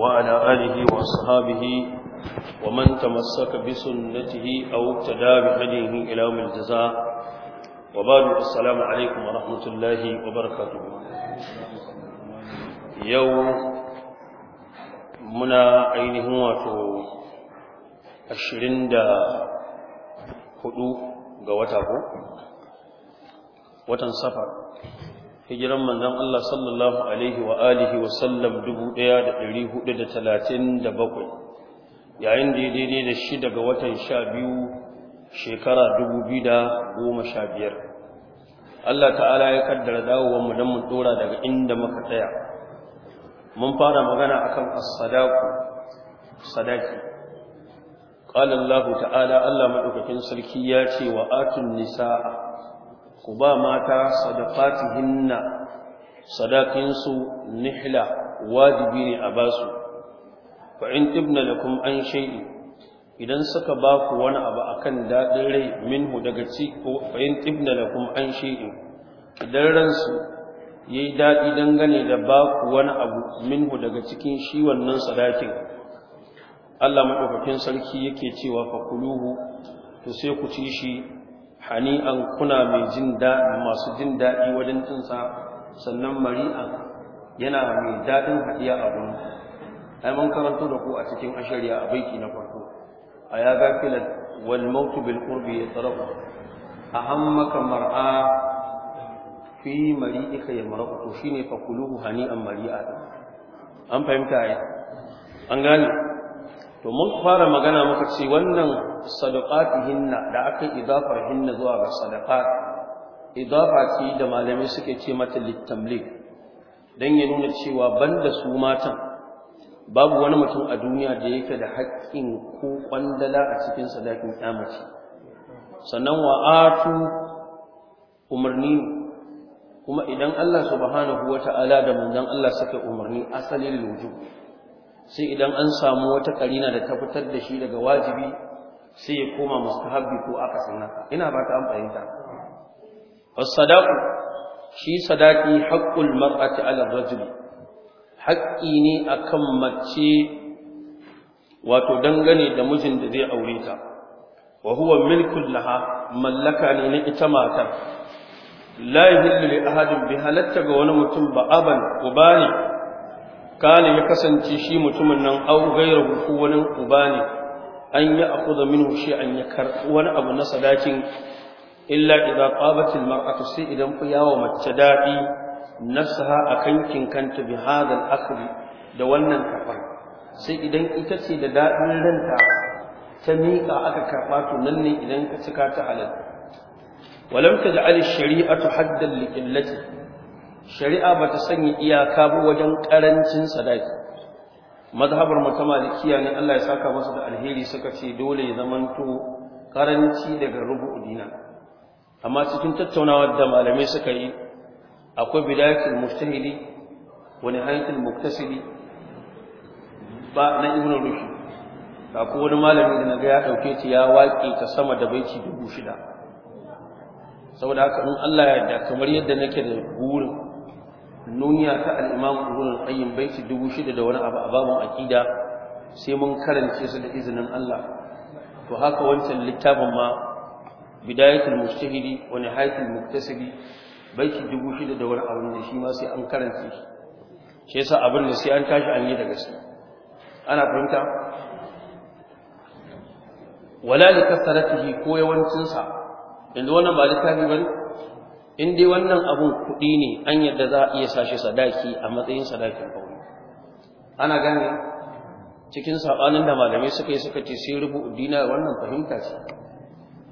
وعلى آله وأصحابه ومن تمسك بسنته أو اقتدى بهديه إلى يوم الجزاء وبعد السلام عليكم ورحمة الله وبركاته يوم منا عينه واتو ashirin da hudu ga wata ko watan safar hijiran manzon Allah sallallahu alaihi wa alihi wa sallam 1437 yayin da daidai da shi daga watan 12 shekara 2015 Allah ta'ala ya kaddara dawowar mu dan mu dora daga inda muka tsaya mun fara magana akan as-sadaqu sadaqi qala Allah ta'ala Allah madaukakin sarki ya ce wa atun nisaa ku ba mata sadaqatihinna sadakinsu nihla wajibi ne a basu fa in tibna lakum an shay'i idan suka ba ku wani abu akan dadin rai minhu daga ci ko fa in tibna lakum an shay'i idan ransu yayi dadi dangane da ba ku wani abu minhu daga cikin shi wannan sadakin Allah madaukakin sarki yake cewa fakuluhu to sai ku ci shi hani'an kuna mai jin daɗi masu jin daɗi wajen cinsa sannan mari'an yana mai daɗin haɗiya a gurin ai mun karanto da ku a cikin ashariya a baiki na farko a ya gafilan wal mautu bil qurbi yatrafu ahammaka mar'a fi mari'ika mara to shine fakuluhu hani'an mari'a an fahimta ai an gane to mun fara magana muka ce wannan saduqatu-hinna da aka idafar hinna zuwa ga sadaqat idafa ce da malamai suke ce mata litamlik dan ya nuna cewa banda su matan babu wani mutum a duniya da yake da haƙƙin ko kwandala a cikin sadakin kyamaci sannan wa'atu umarni kuma idan Allah subhanahu wata'ala da manzon Allah suka umarni asalin wujub sai idan an samu wata karina da ta fitar da shi daga wajibi sai ya koma mustahabbi ko aka haka ina ba ta amfani sadaqu shi sadaqi haqqul mar'ati 'ala ar-rajuli haƙƙi ne akan mace wato dangane da mijin da zai aure ta wa huwa milkul laha mallaka ne na ita matar la yuhillu li ahadin bi halatta ga wani mutum ba aban ubani kana ya kasance shi mutumin nan au gairu ko wani uba ne an yi akuza minhu shi an ya karɓi wani abu na sadakin illa idza qabat mar'atu sai idan yawo mace dadi nasaha akan kinkanta bi hadha akhri da wannan kafar sai idan ita ce da dadin ranta ta miƙa aka karɓa to nan ne idan ka cika ta halal walam taj'al al shari'atu haddan li qillati shari'a bata sanya iyaka ba wajen karancin sadaki mazhabar mu malikiya ne Allah ya saka masa da alheri suka ce dole ya zamanto karanci daga rubu'u dina. amma cikin tattaunawa da malamai suka yi akwai bidayatul mujtahidi wa nihayatul muktasibi ba na ibnu rushd ko wani malami da naga ya dauke ta ya waƙe ta sama da baiti dubu shida saboda haka in Allah ya yarda kamar yadda nake da burin duniya ta al-imam ibn al dubu baiti da wani abu a babun aqida sai mun karance su da izinin Allah to haka wancan littafin ma bidayatul mujtahidi wa nihayatul muktasibi baiti 6000 da wani abu ne shi ma sai an karance shi shi yasa abin da sai an tashi an yi da gaske ana fahimta wala li kasaratihi ko yawancin sa yanzu wannan ba littafi bane in dai wannan abun kuɗi ne an yadda za a iya sashi sadaki a matsayin sadakin aure ana gane cikin sabanin da malamai suka yi suka ce sai rubu dina wannan fahimta ce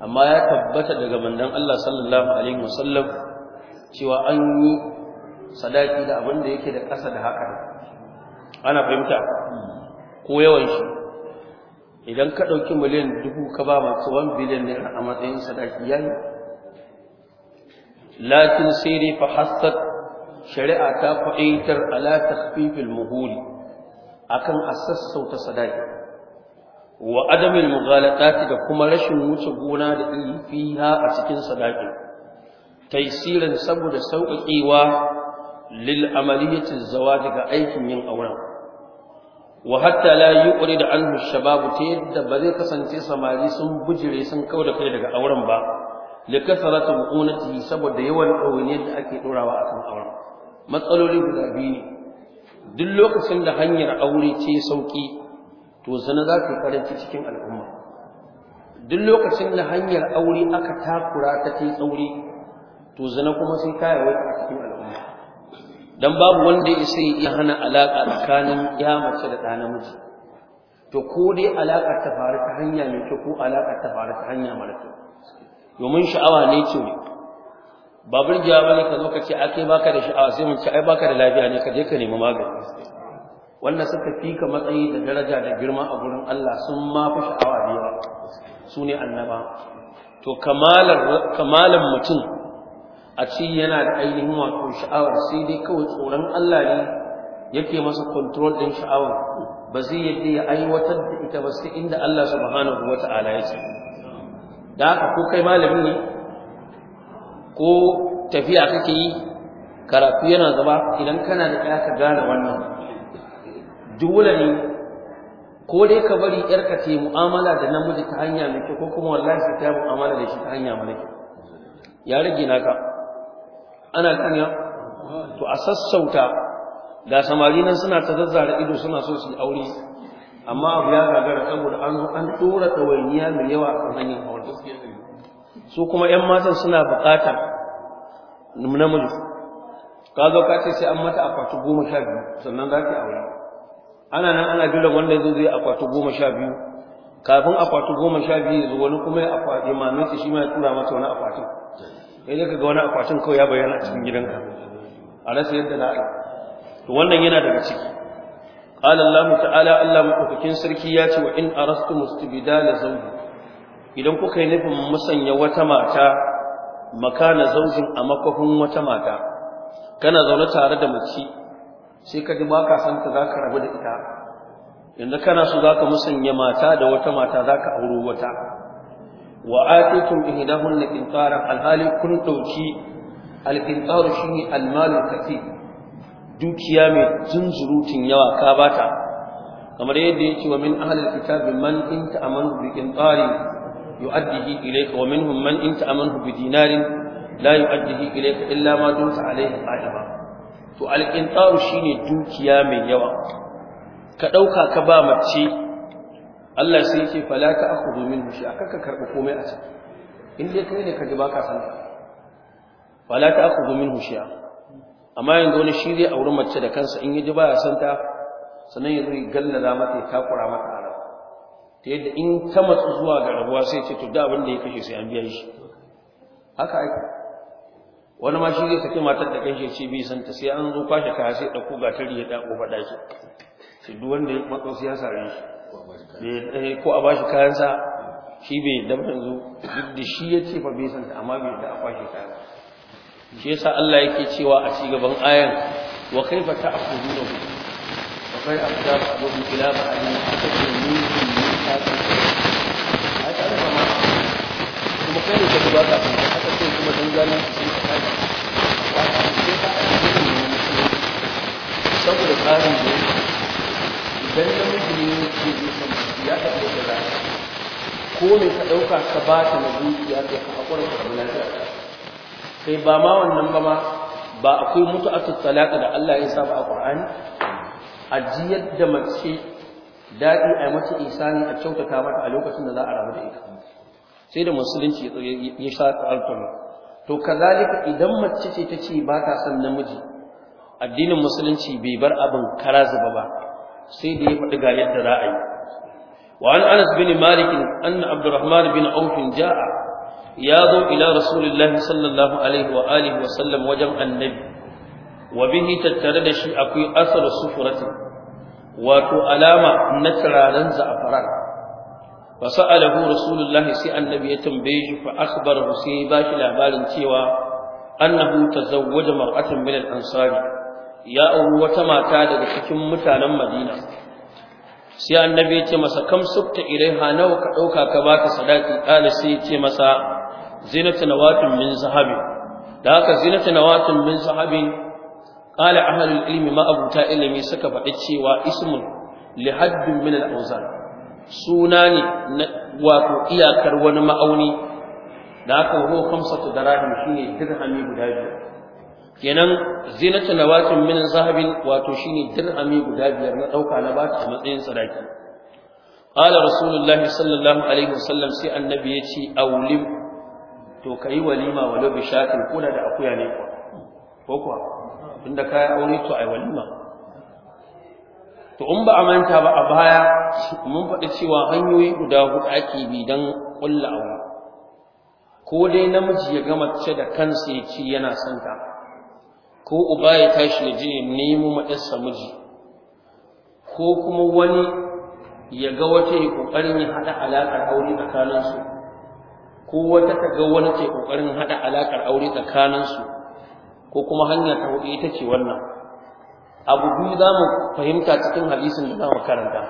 amma ya tabbata daga mandan Allah sallallahu alaihi wasallam cewa an yi sadaki da abin da yake da ƙasa da haka ana fahimta ko yawan shi idan ka ɗauki miliyan dubu ka ba masu 1 biliyan naira a matsayin sadaki yayi lakin sai dai fa shari'a ta fa'itar ala takhfifil muhuli akan asassauta sadaki wa adamil mughalatati da kuma rashin wuce gona da iri fiha a cikin sadaki taisirin saboda sauƙaƙewa lil amaliyati zawaj daga aikin yin auren wa hatta la yuqrid anhu shabab ta yadda ba zai kasance samari sun bujire sun kauda kai daga auren ba da kasratu buqunatihi saboda yawan ɗawainiyar da ake ɗorawa a kan auren matsaloli guda biyu ne duk lokacin da hanyar aure ce sauki to sana za ka karanci cikin al'umma duk lokacin da hanyar aure aka takura ta ce tsauri to Zana kuma sai ta yawaita a cikin al'umma dan babu wanda ya sai ya hana alaƙa tsakanin ya mace da ɗa namiji to ko dai alaƙa ta faru ta hanya mai kyau ko alaƙa ta faru ta hanya mara kyau domin sha'awa ne ce ba burgiya ka zo ka ce akai baka da sha'awa sai mun ce ai baka da lafiya ne ka je ka nemi magani wannan suka ka matsayi da daraja da girma a gurin Allah sun ma fi sha'awa da yawa su ne annaba to kamalan mutum a ci yana da ainihin wato sha'awar sai dai kawai tsoron Allah ne yake masa control din sha'awar ba zai yadda ya aiwatar da ita ba sai inda Allah subhanahu wata'ala ya ce da haka ko kai malami ne ko tafiya kake yi karatu yana gaba idan kana da ɗaya ka gane wannan dole ne ko dai ka bari ƴarka ta yi mu'amala da namiji ta hanya mai kyau ko kuma wallahi sai ta yi mu'amala da shi ta hanya mai kyau ya rage naka ana kanya to a sassauta ga samari nan suna ta zazzara ido suna so su yi aure amma abu ya gagara saboda an zo an tura ɗawainiya mai yawa a hanyar hawan su kuma 'yan matan suna buƙata namiji ka zo ka ce sai an mata akwati goma sha biyu sannan za ki aure ana nan ana jiran wanda zai zo zai akwati goma sha biyu kafin akwati goma sha biyu wani kuma ya akwati mamin shi ma ya tura mata wani akwatin sai ka ga wani akwatin kawai ya bayyana a cikin gidanka a rasa yadda na to wannan yana daga ciki قال الله تعالى الله مكوكين سركي ياتي وإن أرستم استبدال زوج إذا كوكي نفهم مسن وتماتا مكان زوج أمكهم وتماتا كان tare da مكي sai ka ji ba ka san ta za ka rabu da ita yanzu kana su za ka musanya mata da wata mata za ka auro wata wa atitum ihdahunna qintaran alhali kun dauki alqintaru shine almalul kathir dukiya mai zunzurutun yawa ka bata kamar yadda yake wa min ahlil kitabi man in ta'amanu bi qintarin yu'addihi ilayka wa minhum man in ta'amanu bi dinarin la yu'addihi ilayka illa ma dumta alayhi qa'ima to al-qintaru shine dukiya mai yawa ka dauka ka ba mace Allah sai yake fala ta akhudhu minhu shi aka ka karbi komai a ciki in dai kai ne ka ji baka san fala ta akhudhu minhu shi'a amma yanzu wani shi zai auri mace da kansa in yaji baya san ta sannan ya zo ya gallaza mata ya takura mata a ta yadda in ta matsu zuwa ga rabuwa sai ce to da abin da ya kashe sai an biya shi haka ake wani ma shi zai saki matar da kanshi ce bi san ta sai an zo kwashe kaya sai ga tari ya dako faɗa shi sai duk wanda ya matso sai ya sare shi eh, ko a bashi kayansa shi bai da yanzu duk da shi ya ce fa bai san ta amma bai da a kwashe kaya shi yasa Allah yake cewa a cigaban ayan wa kaifa ta'khuduna wa kai afdasu bi ila ba'di tadrun min ta'ati ai ta ba ma kuma kai ka duba ka aka ce kuma dan gani sun ka kai wa ta ce ta saboda tsarin da idan da mutum ne ke yi ya ta da ko ne ka ɗauka ka ba ta na dukiya ka hakura ka lafiya Sai ba ma wannan ba ma ba akwai mutu'atut talaq da Allah ya saba a Qur'ani ajiyar da mace daɗi a mata isani a kyautata mata a lokacin da za a rabu da ita sai da musulunci ya sha alƙur'ani to kazalika idan mace ce ta ce ba ta son namiji addinin musulunci bai bar abin kara zuba ba sai da ya faɗi ga yadda za a yi وعن أنس بن مالك أن عبد الرحمن بن عوف ya zo ila rasulullahi sallallahu alaihi wa alihi wa sallam wajen annabi wa bihi tattare da shi akwai asar sufurati wato alama na turaren za'afaran fa sa'alahu rasulullahi sai annabi ya tambaye shi fa akhbarahu sai ba shi labarin cewa annahu tazawwaja mar'atan min al-ansari ya auri wata mata daga cikin mutanen Madina sai annabi ya ce masa kam sukta ilaiha nawa ka dauka ka baka sadaki kala sai ya ce masa zinata nawatin min zahabi da haka zinata nawatin min zahabin, qala ahlul ilmi ma abuta ilmi suka faɗi cewa ismun li haddin min al-awzan suna ne wato iyakar wani ma'auni da haka ho khamsatu darahim shine dirhami guda biyar kenan zinatu nawatin min zahabin wato shine dirhami guda biyar na dauka na bata a matsayin sadaki qala rasulullahi sallallahu alaihi wasallam sai annabi yace awlim to ka yi walima walau bi shakin kuna da akuya ne kuwa ko kuwa tunda ka yi aure to a yi walima to in ba a manta ba a baya mun faɗi cewa hanyoyi guda huɗu ake bi don ƙulla aure ko dai namiji ya gama ce da kansa ya ci yana son ka, ko uba ya tashi ya je nemo maɗarsa miji ko kuma wani ya ga wata ya ƙoƙarin ya haɗa alaƙar aure tsakaninsu ko wata ta ga wani ce kokarin hada alakar aure tsakanin su ko kuma hanya ta hudu ita ce wannan abu biyu za mu fahimta cikin hadisin da za mu karanta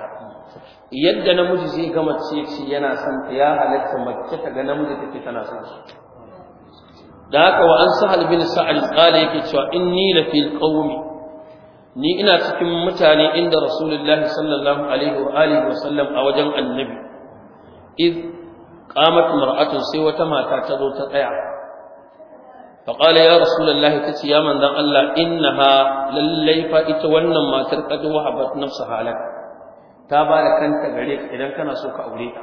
yadda namiji zai ga mace ce yana son ta ya halatta mace ta ga namiji take tana son shi da haka wa an sahal bin sa'al qala yake cewa inni la fil qawmi ni ina cikin mutane inda rasulullahi sallallahu alaihi wa alihi wa sallam a wajen annabi qamat mar'atun sai wata mata ta zo ta tsaya fa qala ya ta tace ya manzon Allah innaha lallai fa ita wannan matar qad wahabat nafsaha lak ta ba kanta gareka idan kana so ka aure ta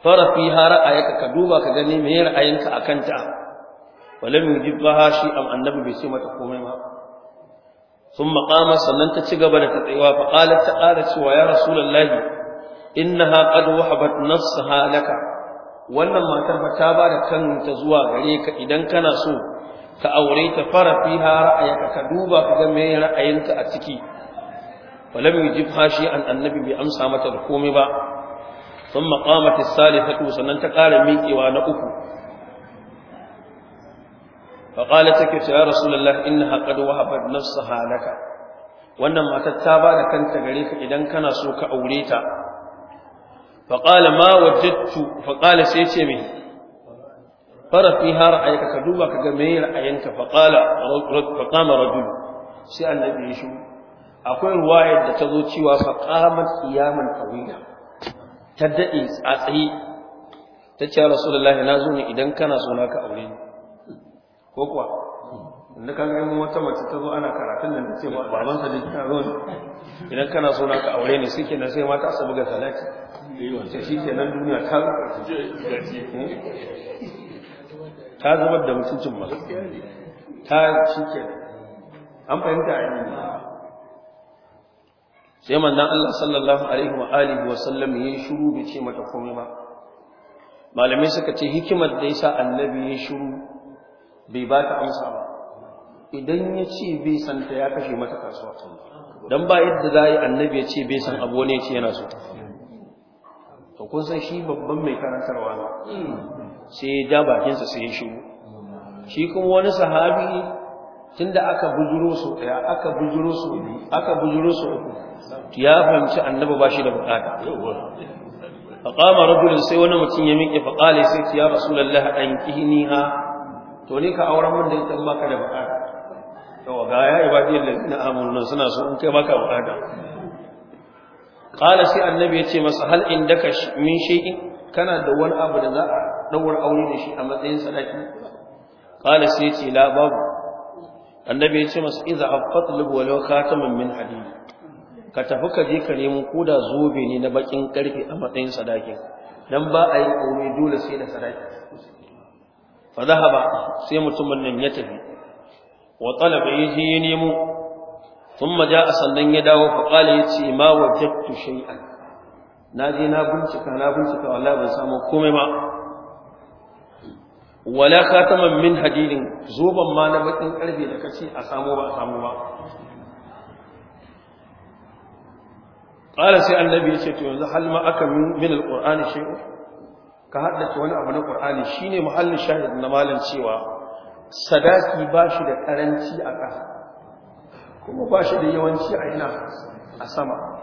fara fiha ra'ayaka ka duba ka gani me ra'ayinka akan ta walam yujibha shi am annabi bai ce mata komai ba sun maqama sannan ta ci gaba da ta tsayuwa fa ta ƙara cewa ya rasulullahi innaha qad wahabat nafsaha laka wannan matar fa ta bada kanta zuwa gare ka idan kana so ka aure ta fara fiha ra'ayaka ka duba ka ga me ra'ayinka a ciki falam yujib hashi an annabi bai amsa mata da komai ba thumma qamat as-salihatu sannan ta ƙara miƙewa na uku فقالت تكت يا رسول الله إنها قد وهبت نفسها لك wannan matar ta ba da kanta gare ka idan kana so ka aure ta faƙala ma wajattu faƙala sai ce mai fara fi har a ka duba ka ga mai ra'ayinka faƙala faƙama rajul sai annabi ya shi akwai ruwayar da ta zo cewa faƙamar kiyaman tawila ta daɗe tsatsaye ta ce rasulullahi na zo ne idan kana so na ka aure ni ko kuwa inda ka ga wata mace ta zo ana karatun nan da ce baban sa ta zo idan kana so na ka aure ne sai kenan sai mata su buga talaki sai shi kenan duniya ta hmm? ta zubar da mutuncin ma ta shi kenan an fahimta a yi sai manzon Allah sallallahu alaihi wa alihi wa sallam yi shiru bai ce mata komai ba malamai suka ce hikimar da yasa annabi ya shiru bai ba ta amsa ba idan ya ce bai ta ya kashe mata kasuwa don ba yadda za a yi annabi ya ce bai san abu wani ya ce yana so to kun san shi babban mai karantarwa ne sai ya ja bakinsa sai ya shigo shi kuma wani sahabi tunda aka bujuro su ɗaya aka bujuro su aka bujuro su uku ya fahimci annabi ba shi da bukata faqama rajulun sai wani mutum ya miƙe faqale sai ya rasulullahi an kihniha to ne ka auren mun da ita ba ka da bukata yawa ga ya ibadi allazina amanu suna so in kai baka bukata qala sai annabi yace masa hal indaka min shay'in kana da wani abu da za a daura aure da shi a matsayin sadaki qala sai yace la babu annabi yace masa idza afatlib walau khataman min hadid ka tafi ka je ka nemo koda zobe ne na bakin karfe a matsayin sadakin dan ba a yi aure dole sai da sadaki fa zahaba sai mutumin nan ya tafi wa talaba yaje ya nemo thumma jaa sannan ya dawo fa qala yace ma wajadtu shay'an naje na bincika na bincika wallahi ban samu komai ba wala khataman min hadidin zoban ma na bakin karfe da kace a samu ba a samu ba qala sai annabi ce to yanzu hal ma aka min alqur'ani ka haddace wani abu na qur'ani shine muhallin shahid na malam cewa sadaki ba shi da karanci a ƙasa kuma ba shi da yawanci a ina a sama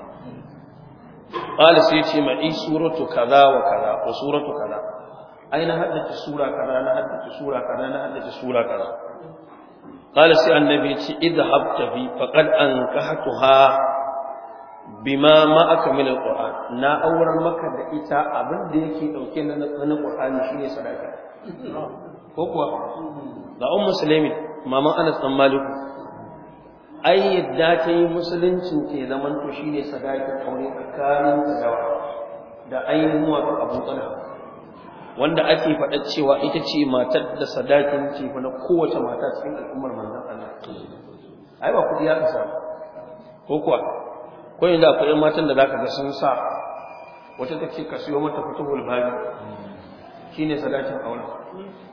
ƙalis sai ce ma'i suratu kaza wa kaza ko suratu kaza ai na haddace sura kaza na haddace sura kaza na haddace sura kaza ƙalis sai annabi ya ce idhab tafi faqad ankahatuha bima ma'aka min alquran na auren maka da ita abin da yake dauke na na qur'ani shine sadaka ko kuwa ga ummu sulaimin maman anas dan maliku ai yadda ta yi musuluncin ke ya zaman to shine sadakin aure tsakanin dawa da ainihin wato abu talha wanda ake faɗa cewa ita ce matar da sadakin ce na kowace mata cikin al'ummar manzon Allah ai ba kudi ya kasa ko kuwa ko yanzu akwai matan da zaka ga sun sa wata take ka siyo mata fatuhul bani shine sadakin aure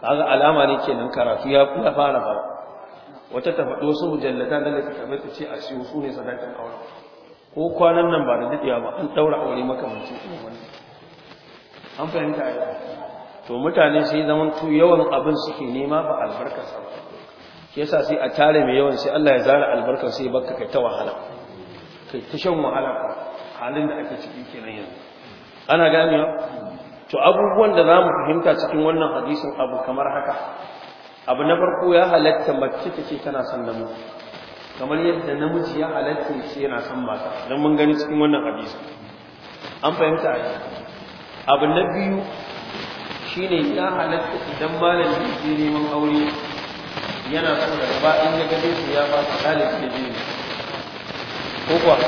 kaga alama ne kenan karatu ya kuma fara fara wata ta faɗo su mujallata na littattafai ta ce a siyo su ne sadakin aure ko kwanan nan ba da dadewa ba an ɗaura aure maka irin wannan an fahimta ai to mutane sai zaman tu yawan abin suke nema ba albarka sa shi yasa sai a tare mai yawan sai Allah ya zara albarka sai baka kai ta wahala kai ta shan wahala halin da ake ciki kenan yanzu ana ganewa to abubuwan da zamu fahimta cikin wannan hadisin abu kamar haka abu na farko ya halatta mace ta ce tana son namiji kamar yadda namiji ya halatta shi yana son mata dan mun gani cikin wannan hadisi an fahimta a abu na biyu shine ya halatta idan malami ya neman aure yana so da gaba in ya gabe su ya ba su ɗalibi ke biyu ko kuwa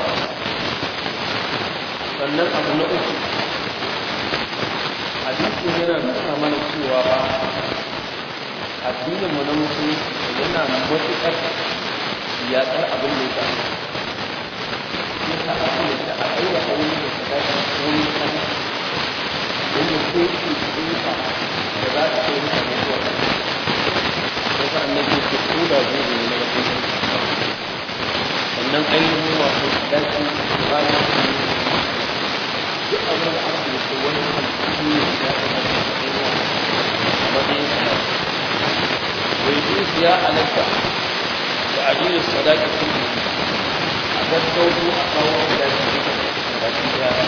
sannan abu na uku hadisi yana nuna mana cewa ba addinin mu na musulunci yana matuƙar yaƙar abin da ya ya sa a kuma da a ɗaura aure da ta dace wani kan wanda ko ke tsinka da za ta kai mutane zuwa ta ya sa annabi ke ko da zai ne na wajen sannan ainihin masu dace ba na ويجوز يا ألفا تعجيل الصلاة كله أبد صوته أقوى ولا تجيب الصلاة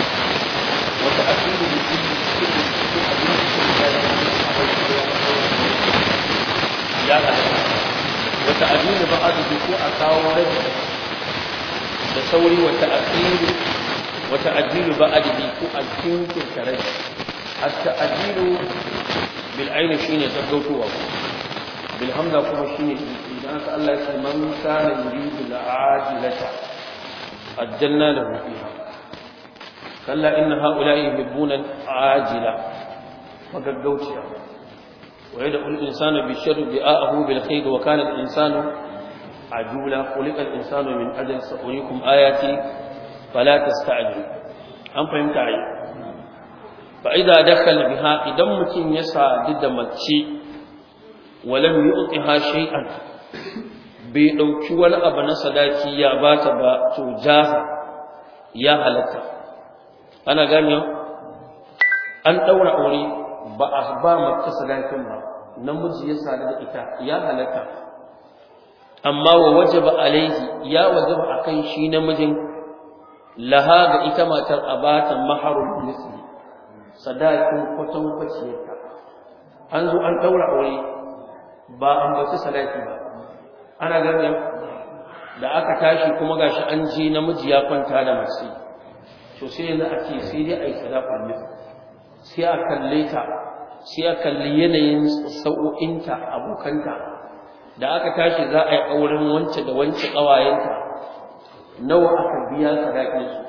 وتأكيد بكل كل كل أبد يا ألفا وتعجيل بعض الدكوع أقوى ورد بصوري وتأكيد وتأجيل بأجل أجل تلك رجع التأجيل بالعين شين يتبدو توقع بالحمد أقوم شين إذا قال الله يسأل من كان يريد لعاجلة أجلنا له فيها قال إن هؤلاء يحبون عاجلة فقدوتها ويدعو الإنسان بالشر بآءه بالخير وكان الإنسان عجولا خلق الإنسان من أجل سأريكم آياتي fala tasta'jil an fahimta ai fa idza dakhala biha idan mutum ya sadu da mace walam yu'tiha shay'an bai dauki wani abu na sadaki ya bata ba to jaha, ya halatta ana gane an daura aure ba a ba mace sadakin ba namiji ya sadu da ita ya halatta amma wa wajaba alaihi ya wajaba akan shi namijin laha ga ita matar a abatan maharul nufi sadakin kwaton kwaciyarta an zo an daura aure ba an bace sadaki ba ana ganin da aka tashi kuma gashi an ji namiji ya kwanta da masu to sai yanzu a ce sai dai a yi sadakar nufi sai a kalle ta sai a kalli yanayin sau'o'inta abokanta da aka tashi za a yi auren wance da wance ƙawayenta nawa aka biya sadakin su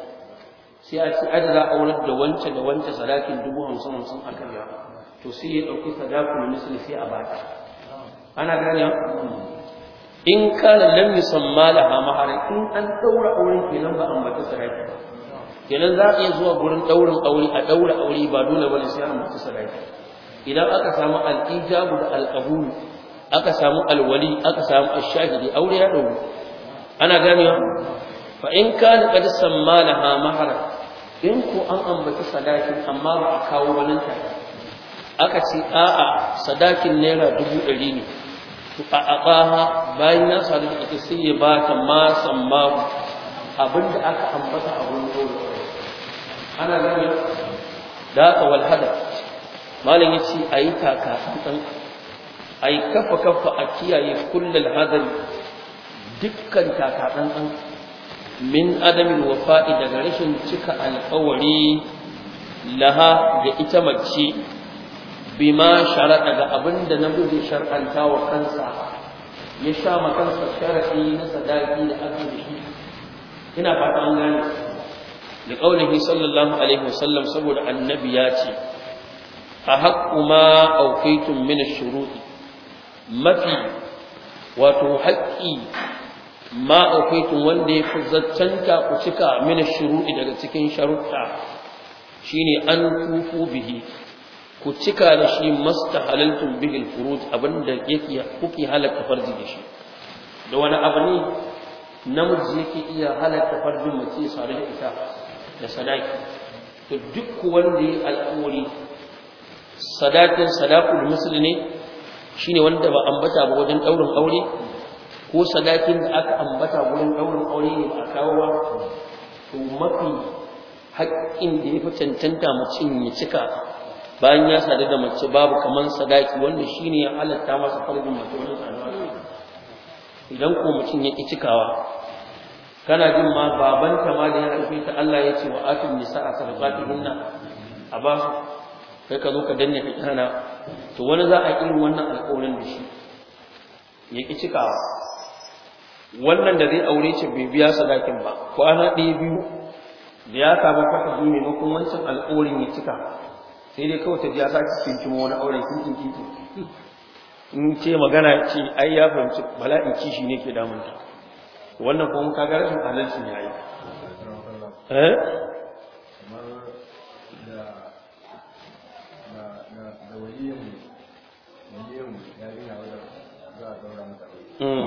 sai a ce adala aurar da wance da wance sadakin dubu hamsin hamsin a karya to sai ya ɗauki sadakin misali sai a bata ana gane in kana lam yusamma laha mahar in an ɗaura auren kenan ba an bata sadaki ba, kenan za a iya zuwa gurin ɗaurin aure a ɗaura aure ba dole ne sai an bata sadaki idan aka samu al da al aka samu alwali, aka samu ash-shahidi aure ya dauro ana ganewa fa in ka da qad sammalaha mahara in ko an ambaci sadakin amma ba a kawo wani tare aka ce a'a sadakin naira dubu ɗari ne to a aqaha bayan ya sadu da ita sai ba ta ma samma da aka ambata a wurin dole ana gani da aka wal hada malam yace ayi kaka san ai kafa kafa a kiyaye kullal hadari dukkan kaka dan min adamin wafa'i daga rashin cika alƙawari laha ga ita mace bima sharaɗa ga abin da na gudun shar'anta wa kansa ya sha ma kansa sharaɗi na sadaki da aka shi ina fata an gane da ƙaunihi sallallahu alaihi wasallam saboda annabi ya ce a haƙƙu ma aukaitun mini shuruɗi mafi wato haƙƙi ma akwaikum wanda ya fi zaccanta ku cika mini shuru'i daga cikin sharuɗa shine an fufu bihi ku cika da shi masta halaltun bihil furuj abinda yake kuke halaka farji da da wani abu ne namiji yake iya halaka farjin mace ya sadu da ita da sadaki to duk wanda ya sadakin sadakul musul ne shine wanda ba bata ba wajen ɗaurin aure ko sadakin da aka ambata wurin ɗaurin aure ne a kawowa to mafi haƙƙin da ya fi cancanta mutum ya cika bayan ya sadu da mace babu kamar sadaki wanda shi ne ya halatta masa farbin mace wani saduwa idan ko mutum ya ƙi cikawa kana jin ma babanta ma da ya haife ta Allah ya ce wa atun nisa'a sadaqatihinna a ba su kai ka zo ka danne ka kirana to wani za a irin wannan alƙawarin da shi ya ƙi cikawa wannan da zai aure ce bai biya sadakin ba kwana ɗaya biyu da ya samu kwata biyu makon wancan ya cika sai dai kawai ta biya ya sake kinkin wani aure kinkin kiki in ce magana ce ai ya fahimci bala'in kishi ne ke damunta wannan kuma ka ga rashin adalci ne ai eh da ya daura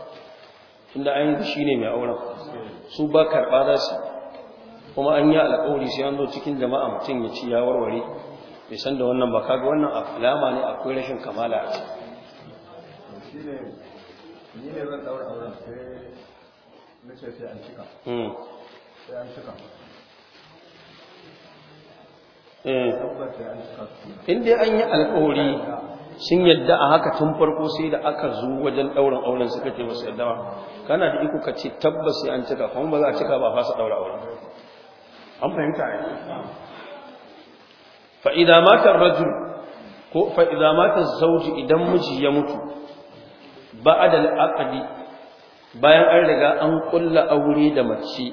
da an shi ne mai auren su ba karɓa za su kuma an yi alƙawari sai an zo cikin jama'a mutum ya ci ya warware bai san da wannan ba kaga wannan alama ne akwai rashin kamala a ciki ce an hmm. eh. in dai an yi alƙawari sun yadda a haka tun farko sai da aka zo wajen ɗaurin auren suka ce wasu yadda ba kana da iko ka ce tabbas sai an cika kuma ba za a cika ba fasa ɗaura auren an fahimta ne fa'ida matar rajul ko fa'ida matar zauji idan miji ya mutu ba a da bayan an riga an kulla aure da mace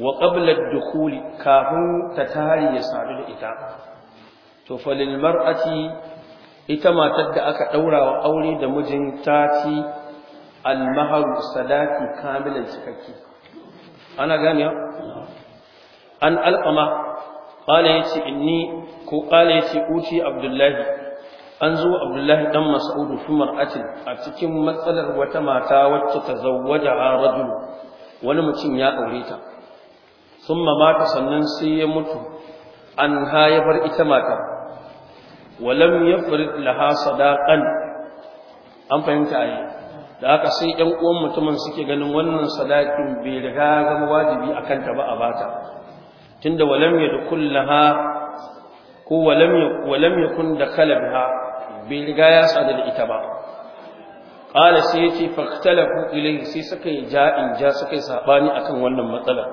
wa ƙablar dukuli kafin ta tari ya sadu da ita to falil mar'ati ita matar da aka ɗaura wa aure da mijin ta ci almaharu sadaki kamilan cikakke ana gani an alƙama ƙala ya ce inni ko ƙala ya ce uci abdullahi an zo abdullahi ɗan mas'udu fi mar'atin a cikin matsalar wata mata wacce ta zawwaja a rajul wani mutum ya aure ta sun mamata sannan sai ya mutu an ha ya bar ita matar walam yafrid laha sadaqan an fahimta ai da haka sai 'yan uwan mutumin suke ganin wannan sadakin bai riga zama wajibi akan ta ba a bata tunda walam yadkhul laha ko walam walam yakun dakhala biha bai riga ya sada da ita ba qala sai yace faktalafu ilayhi sai suka yi ja'in ja suka yi sabani akan wannan matsalar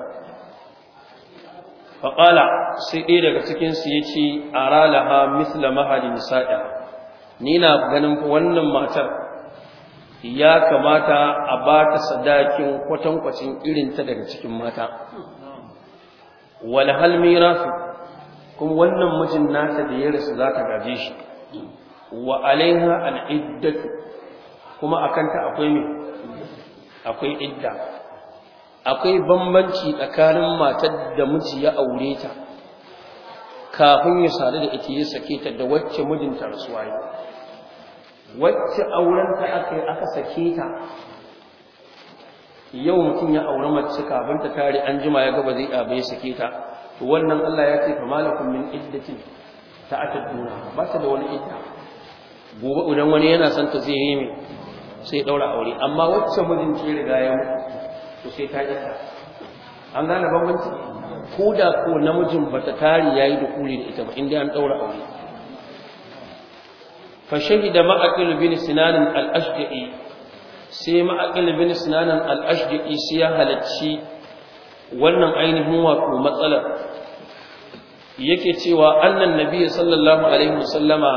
faƙala sai ɗaya daga cikinsu ya ce a ralaha misla mahali nisa'a ni na ganin wannan matar ya kamata a ba ta sadakin kwatankwacin irinta daga cikin mata walhal mirasu kuma wannan mijin nata da ya rasu za ta gaje shi wa alaiha al'iddatu kuma akanta akwai me akwai idda akwai bambanci tsakanin matar da miji ya aure ta kafin ya sadu da ita ya sake ta da wacce mijinta rasuwa yi wacce aurenta aka aka sake ta yau mutum ya aure mace kafin ta tare an jima ya gaba zai abai ya sake ta to wannan Allah ya ce fa malakum min iddatin ta'ataduna ba ta da wani idda gobe idan wani yana son ta zai yi mai sai daura aure amma wacce mijin ce riga ya mutu to sai ta isa an gane bambanci ko da ko namijin bata tari yayi da kuri da ita ba inda an ɗaura aure fa da ma'aqil bin sinan al-ashdi sai ma'aqil bin sinan al-ashdi sai ya halacci wannan ainihin wato matsalar yake cewa annan nabi sallallahu alaihi wasallama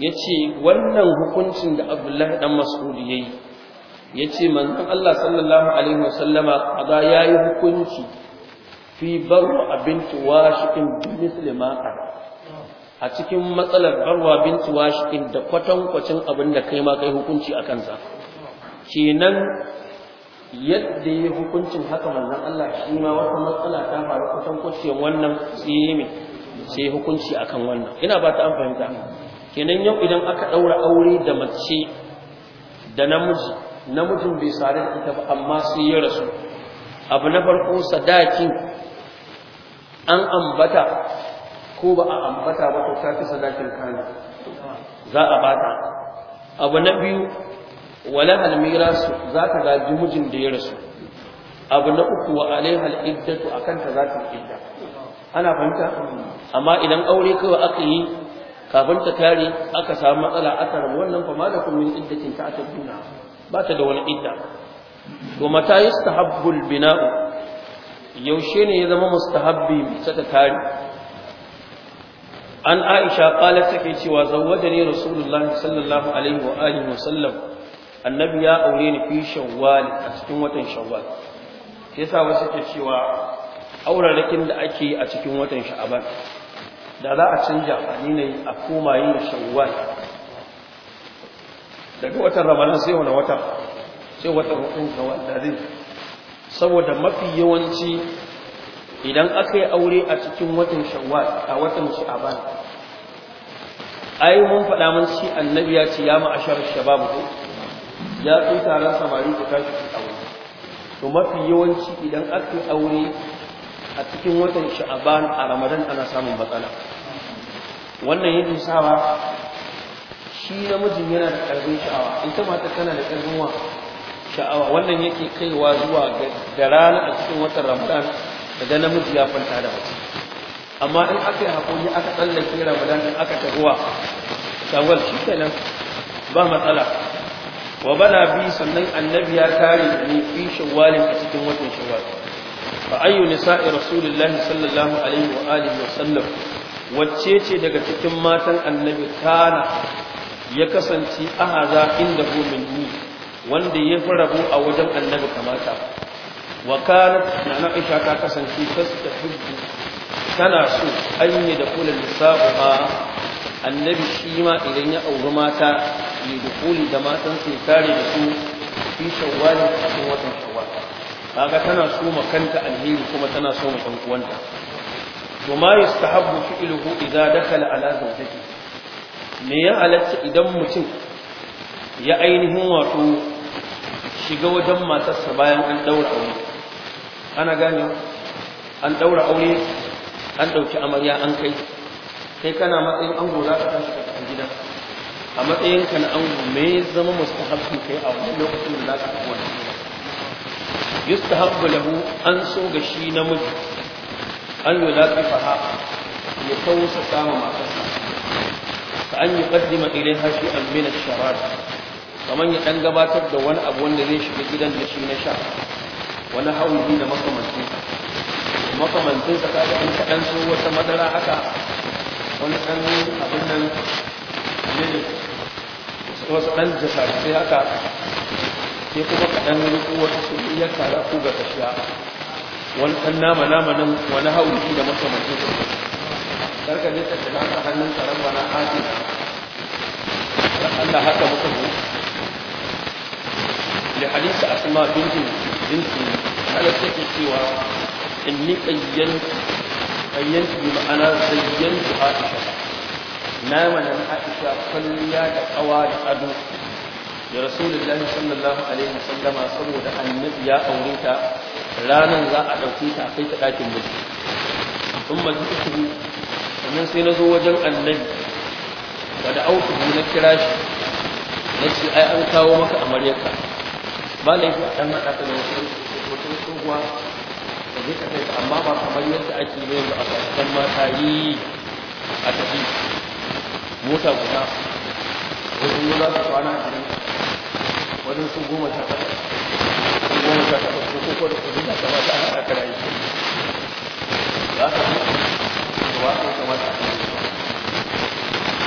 ya ce wannan hukuncin da Abdullahi dan Mas'ud yi. ya ce manzon Allah sallallahu alaihi wasallama ba ya yi hukunci fi barwa abinci washikin muslima a cikin matsalar barwa binci washikin da kwatankwacin abin da kai ma kai hukunci a kansa kenan yadda ya hukuncin haka manzon Allah shi ma wata matsala ta faru kwatankwacin wannan sai sai hukunci akan wannan ina ba ta amfani ta kenan yau idan aka ɗaura aure da mace da namiji namijin bai sare da ita ba amma sai ya rasu abu na farko sadakin an ambata ko ba a ambata ba ko tafi sadakin kane, za a bata abu na biyu wala su za ta gaji mijin da ya rasu abu na uku wa alaiha iddatu akan ta za ta idda ana fahimta amma idan aure kawai aka yi kafin ta tare aka samu matsala aka rabu wannan fa malakum min iddatin duna ba ta da wani idda to mata yustahabbul bina'u yaushe ne ya zama mustahabbi mace ta an aisha qalat take cewa zawwadani rasulullahi sallallahu alaihi wa alihi wa sallam annabi ya aure ni fi shawwal a cikin watan shawwal yasa sa wasu ke cewa aurarakin da ake a cikin watan sha'aban da za a canja ba ne a koma yin shawwal daga watan ramadan sai wani wata sai watan hukun kawai dare saboda mafi yawanci idan aka yi aure a cikin watan shawwal a watan sha'ban ai mun faɗa mun shi annabi ya ce ya ma'ashar shababu ko ya tsu taron samari ku tashi ku aure to mafi yawanci idan aka yi aure a cikin watan sha'ban a ramadan ana samun matsala wannan yin sawa shi namijin yana da ƙarfin sha'awa ita mata tana da ƙarfin wa sha'awa wannan yake kaiwa zuwa ga rana a cikin watan ramadan daga namiji ya kwanta da mace amma in aka yi haƙuri aka tsallake ramadan in aka taruwa shawar shi kenan ba matsala wa bana bi sannan annabi ya kare ni fi shawwalin a cikin watan shawwal fa ayyu nisa'i rasulillahi sallallahu alaihi wa alihi wa sallam wacce ce daga cikin matan annabi kana ya kasance ahaza inda hu ni wanda ya fi rabu a wajen annabi kamata wa kanat na aisha ta kasance tastahibbu tana so an yi da kullu lisafa annabi shi ma idan ya auri mata yi da kuli da matan sai tare da su fi a cikin watan shawwal kaga tana so makanta alheri kuma tana so mutan uwanta to ma yastahabbu fi'luhu idza dakala ala zawjatihi me ya halatta idan mutum ya ainihin wato shiga wajen matarsa bayan an daura aure ana gane an daura aure an dauki amarya an kai kai kana matsayin ango za ka tashi daga gida a matsayin ka na ango me zama mustahabbi kai a wannan lokacin da za ka kawo wannan yustahabbu lahu an so ga shi namiji an yulaqifaha ya kawo sa sama matarsa ka an yi ƙaddima ilai a almin sharar kamar ya ɗan gabatar da wani abu wanda zai shiga gidan da shi na sha wani hauli da makamantin makamantin sa kaga an kaɗan so haka wani ɗan abin nan ne wasu ɗan jasashe haka sai kuma kaɗan riƙo wani ɗan nama wani da karka ne ka shiga ta hannun ka rabbana atina Allah haka muka zo da hadisi asma binti binti Allah take cewa inni qayyan qayyan bi ma'ana zayyan Aisha na mana Aisha kwalliya da ƙawa da ado da rasulullahi sallallahu alaihi wasallama saboda annabi ya aure ta ranan za a dauke ta kai ta ɗakin dakin miji kuma zuwa sannan sai na zo wajen annabi ba da auku na kira shi na ce ai an kawo maka amaryarka ba na yi ɗan haɗa ta da wata tsohuwa da zai ka kai amma ba kamar yadda ake yi yanzu a kasuwan mata yi a tafi mota guda wajen yi za su kwana a cikin wajen su goma sha ta, su goma sha takwas ko kuma da kudu da kamata an haɗa ka da ta za wato da a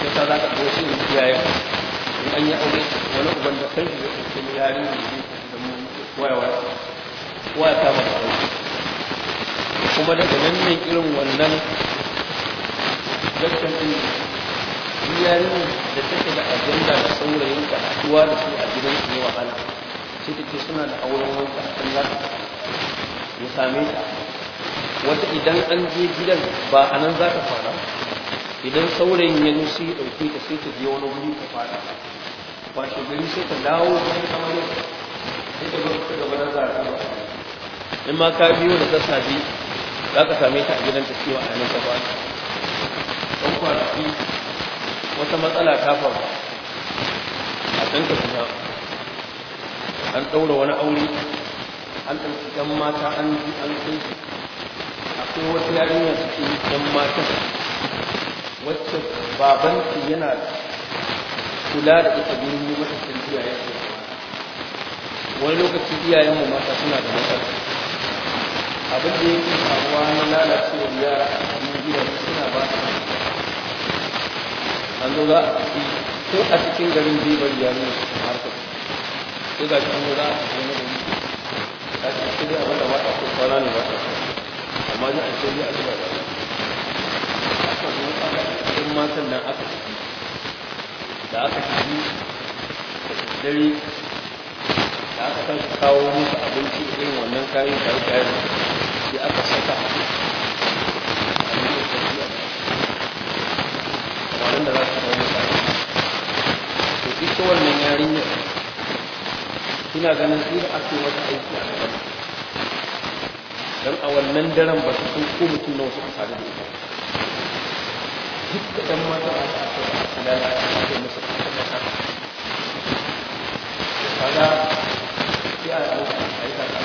yi ta za ka ɗaya shi ne yi in an yi aure wani uban da kai da ke yari ne ne da mu wayawa waya ta ba da kuma daga nan ne irin wannan dakkan ɗin yari da take da ajanda da saurayin ka haɗuwa da su a gidan su ne wahala sai take suna da auren wanka a kan za ya same ta wata idan an je gidan ba a nan za ka fara idan saurayin ya nusi ya ɗauke ta sai ta je wani wuri ta fara ba shi gari sai ta dawo wani kamar sai ta gaba ta gaba na zara ba in ma ka biyo da sassafe za ka same ta a gidan ta cewa a nan ta fara ɗan kwanaki wata matsala ta faru a can ta kuma an ɗaura wani aure an ɗauki ɗan mata an ji an kai ko wata yarinya suke yi ɗan matan wacce babansu yana kula da ita gurin yi mata tarbiyya ya ce wani lokaci iyayen mu mata suna da matsala abin da yake faruwa na lalacewar yara a cikin gidan suna ba su an zo za a ci ko a cikin garin jibar yarinya su harkar sai ga shi za a ci wani gari ta ce sai dai abin da ba kwana ne ba ta amma za a ce ya zuba da aka zo aka cikin matan nan aka ciki da aka ciki da dare da aka tashi kawo musu abinci irin wannan kayan kayan sai aka saka da za su kawo mutane to ita wannan yarinya ina ganin sai ake wata aiki a gaba dan a wannan daren ba su ko mutum na wasu kasa da duk da ɗan mata a ta ake a kulala a ake musu kasa da kasa kaga a aika ka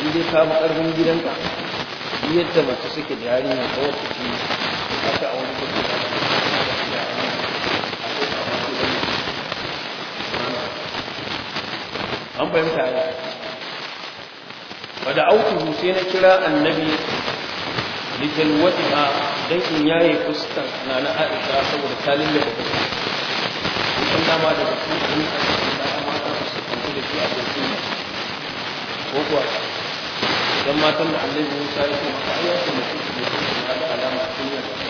yi dai kama ƙarfin gidanka yadda mace suke da ne ta wata ce haka a wani kusa da an fahimta ya da da'awtuhu sai na kira annabi litalwatiha dan in yaye fuskan na na Aisha saboda talin da take kun da su ne da mata su kuntu da shi a ko kuwa matan da annabi Musa ya kuma ayyuka su da alama cikin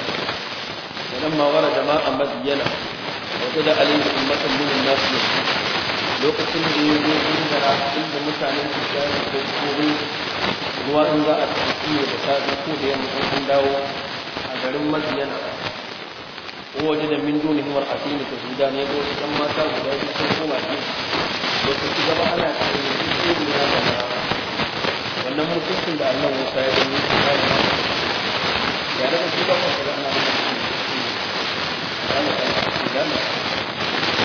ولما ورد ماء مدينة وجد عليه أمة من الناس lokacin da ya zo inda inda mutanen su ta yi da tsoro ruwa in za a tafi da safe ko da yamma an dawo a garin madiyana ko waje da min dole himar asini ta sudan ya zo kan mata guda biyu sun koma ce da su ci gaba ana tare da su ko da ya gana wannan mutuncin da Allah Musa ya gani su ya gana ya daga shi ba ka ga ana da shi ya ga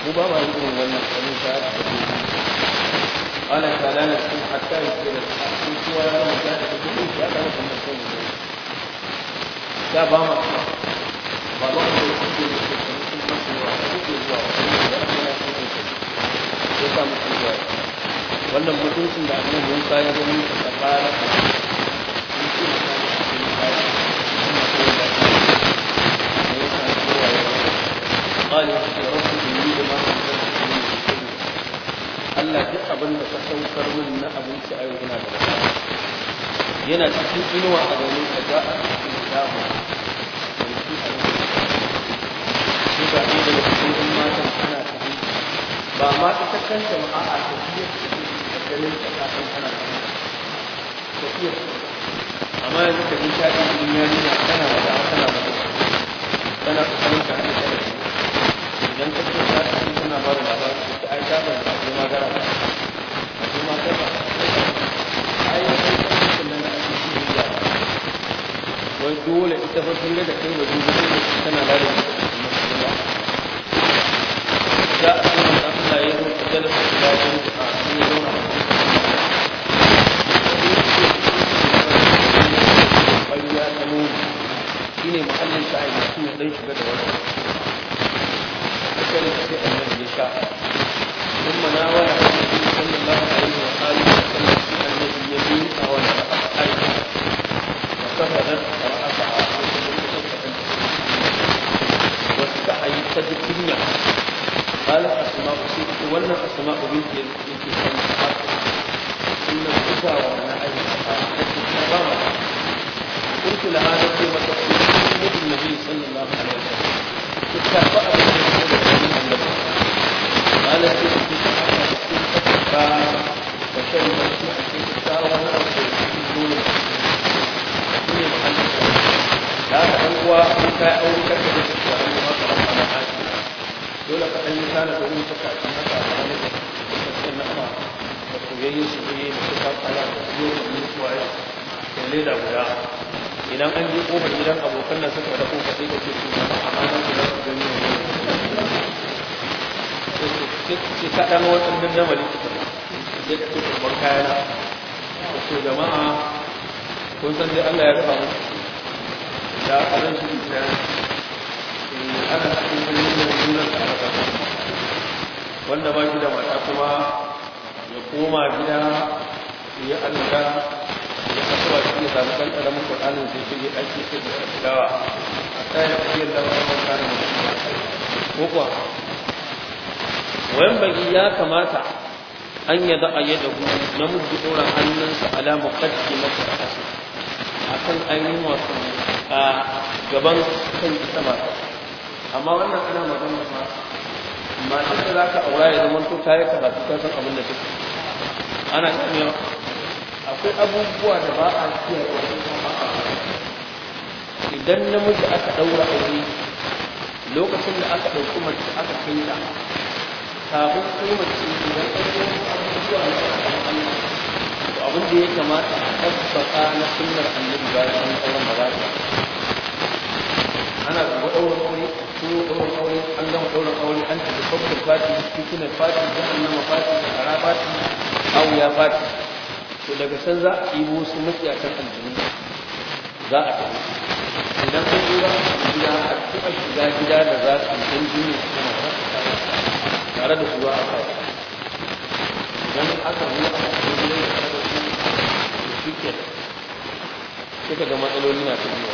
ko ba ma irin wannan kanin ta da ke ana kala na cikin hatta ya ce da su kuwa ya zama ta da ya kama kamar da ya ba ma ba ba ko su ke da ke kan sun ba su wa su ke zuwa wani da ya kama kan da ya sa mutum zuwa wannan mutuncin da annabi Musa ya zama ta tsara da shi ne ta cikin ta قال يا رب إني لما Allah duk abin da ka saukar min na abinci a yau yana da rasa yana cikin inuwa a garin ka za a cikin damu shi ba ne da cikin ɗan matan ana tafi ba ma ita kanta ma a tafiyar da garin ka ta kan ana tafiyar amma yanzu ka ji shaɗi in ya nuna tana da kana da kana ƙoƙarin ka hana idan ka ce ta ci suna ba da labarin su ta aika ba da su ma gara ba su ma ta ba ai sai ta ci nan da ake ci da wai dole ita fa sun ga da kai wajen gudu tana lalata da kuma da Allah ya zo ta da su da su a cikin zauna shi ne muhallin sha'ani shi ne ɗan shiga da to jama'a kun san dai Allah ya rufa mu da kalan shi da ana cikin wannan junan da aka wanda ba shi da mata kuma ya koma gida ya alga ya kasuwa shi ya samu kan karamin Qur'anin sai shi ake shi da dawa a tsaye da kiyar da wannan kana ko kuwa wayan bagi ya kamata an ya da na namiji dora hannunsa ala muqaddimati al-asl akan ainihin wasu, a gaban kan isa masu. amma wannan ana magana ma Masu da ka aura ya zama to tare karatu ta san abin da take ana tsamewa akwai abubuwa da ba a kiyaye idan namiji aka daura aure lokacin da aka dauki mace aka kai ta sabon kuma mace idan an zuwa na to abin da ya kamata a tabbata na sunnar annabi bayan an tsara magana ana gaba ɗaurin aure ko ɗaurin aure an gama ɗaurin aure an tafi kwakwakwar fati titunan fati nama fati sakara fati awuya fati to daga can za a ɗibo su a matsiyatan aljini za a tafi idan sun yi ba a gida a cikin shiga gida da za su yi don jini su kuma tare da su ba a fara idan aka buɗe wajen da kada shi ke suka ga matsaloli na su biyu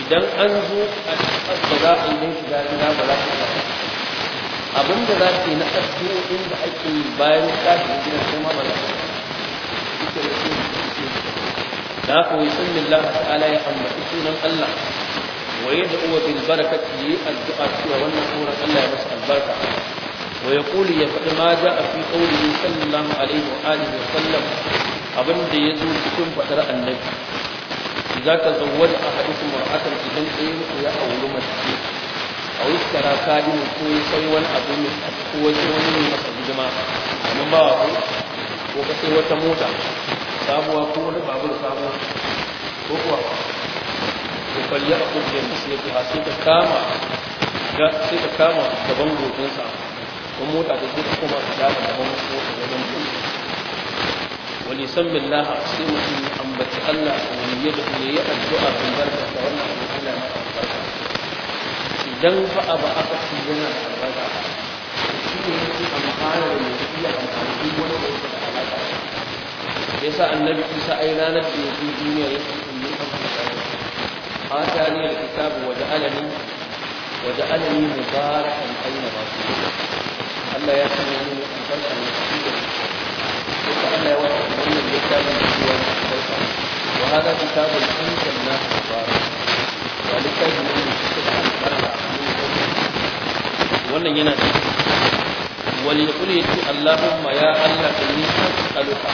idan an zo a ƙasar da za a yi don shiga gida ba za a yi abin da za a yi na asirin da ake yi bayan tashin gina kuma ma ba za a yi da su sun lillah ta'ala ya ambaci sunan Allah wa yadda uwa bil barakati yi addu'a a wannan sunan Allah ya masa albarka ويقول يفعل ما جاء في قوله صلى الله عليه وآله وسلم أبن يزو تكون فترة النبي إذا تزوج أحدكم مرأة إذن أيمك يا أول مسجد أو يشترى كادم كوي سيوان أبو مسجد وسيوان مسجد ما أمن بابه وكسي وتموتا سابوا كون بابو سابوا وكوا وفليأخذ بمسيتها سيتكاما سيتكاما gaban gobensa in mota da zuwa kuma su dama da mamu ko ta gaban ku wani san billah sai mutum ya ambaci Allah wani ya da ya yi addu'a kan barka da wannan Allah na albarka idan fa ba aka ci yana albarka shi ne yake amfana da mai iya amfani duk wani da yake da ya sa annabi Isa ai ranar da ya duniya ya kuma yi amfani آتاني الكتاب وجعلني وجعلني مباركا أينما كنت Allah ya sanya mu ne albarka ne shi da shi ko Allah ya wata da wannan littafin da shi wani albarka wa hada kitabul insan na bara wa littafin ne da shi da albarka wannan yana da wani kuli yace Allahumma ya Allah inni as'aluka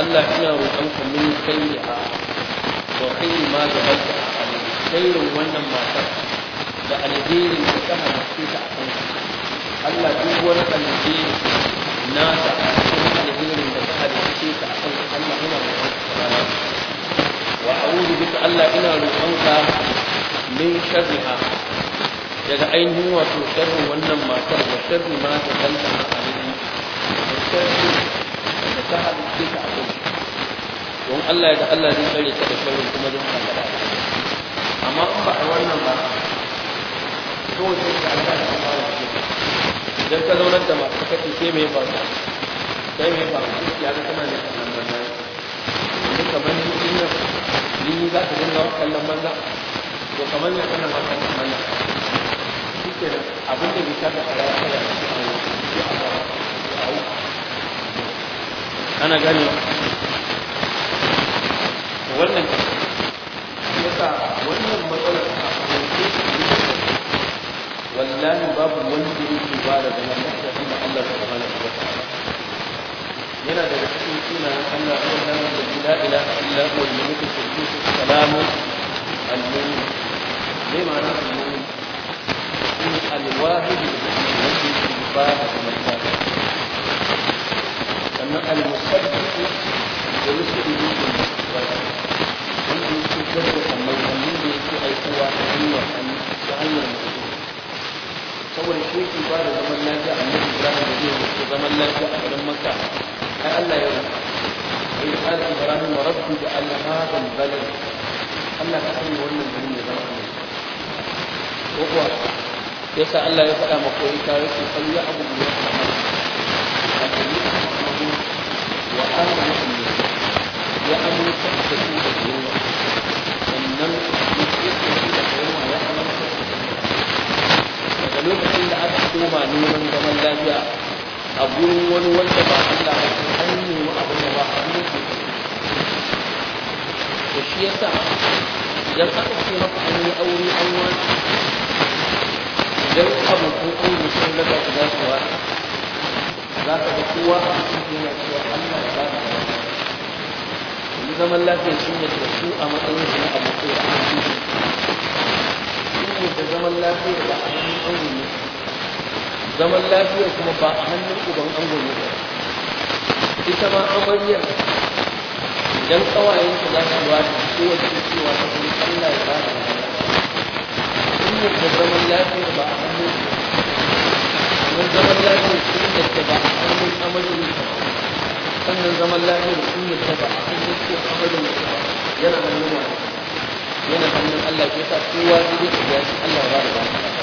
Allah ina roƙonka min khayriha wa khayri ma gabalta alaihi khairin wannan matar da alheri da ta halarce ta a kansa Allah duk wani halittu nasa cikin alhinin da ta halitta ka a kan Allah ina roƙonka wa a'udhu bika Allah ina roƙonka min sharriha daga ainihin wato sharrin wannan matar da sharri ma ta kanta a alhini da sharri da ta halitta ka a kan don Allah ya ga Allah zai tsare ta da sharrin kuma zai hana ka amma in ba a wannan ba kawai sai ka Allah ya fara cikin idan ka zaunar da masu kake sai mai faru sai mai faru ya ga kana da kallon banza yanzu kamar ni din nan yi za ka dinga kallon banza to kamar ya kana ma kallon banza shike nan abin da bisa ga kara ya kara shi a yi a a yi ana gani wannan yasa wannan matsalar والله باب في الكبار من المحتفين الله سبحانه وتعالى هنا ده بحكم فينا أن الله الذي لا إله إلا هو الملك القدوس السلام المؤمن لما نحن المؤمن من الواحد الذي ولد الكبار من الله أن المصدق ورسل من الكبار من يسجد أن من يسجد أن يسجد أن يسجد أن يسجد saboda shi yake ba da zaman lafiya a nan Ibrahim da zai da zaman lafiya a garin Makka ai Allah ya rubuta ya tsara Ibrahim wa rabbi da al-hada balad Allah ka sani wannan garin ne zama ne ko kuwa yasa Allah ya faɗa maka kai ka yake kalli abu da ya faɗa العظيم والتبع لله الحي وأبو الله حبيب وشي يسعى جل أقف نفعني أولي أول جل أقف أولي سنة ذات ذات ذات بقوة أحسن من أسوى حمى ذات سنة رسوء مطلوب من أبو قوة أحسن من أسوى حمى ذات زمن لا في إلا أحسن من zaman lafiya kuma ba a hannun uban ango ne ba ita ma amaryar idan kawayenta za su ba ta kowace cewa ta kuma allah ya ba ta kuma da zaman lafiya ba a hannun sannan zaman lafiya sun ta ba a hannun amaryar sannan zaman lafiya sun ta ba a hannun ko amaryar yana hannun wa yana hannun allah ke sa kowa zai yi ya Allah ya ba da ba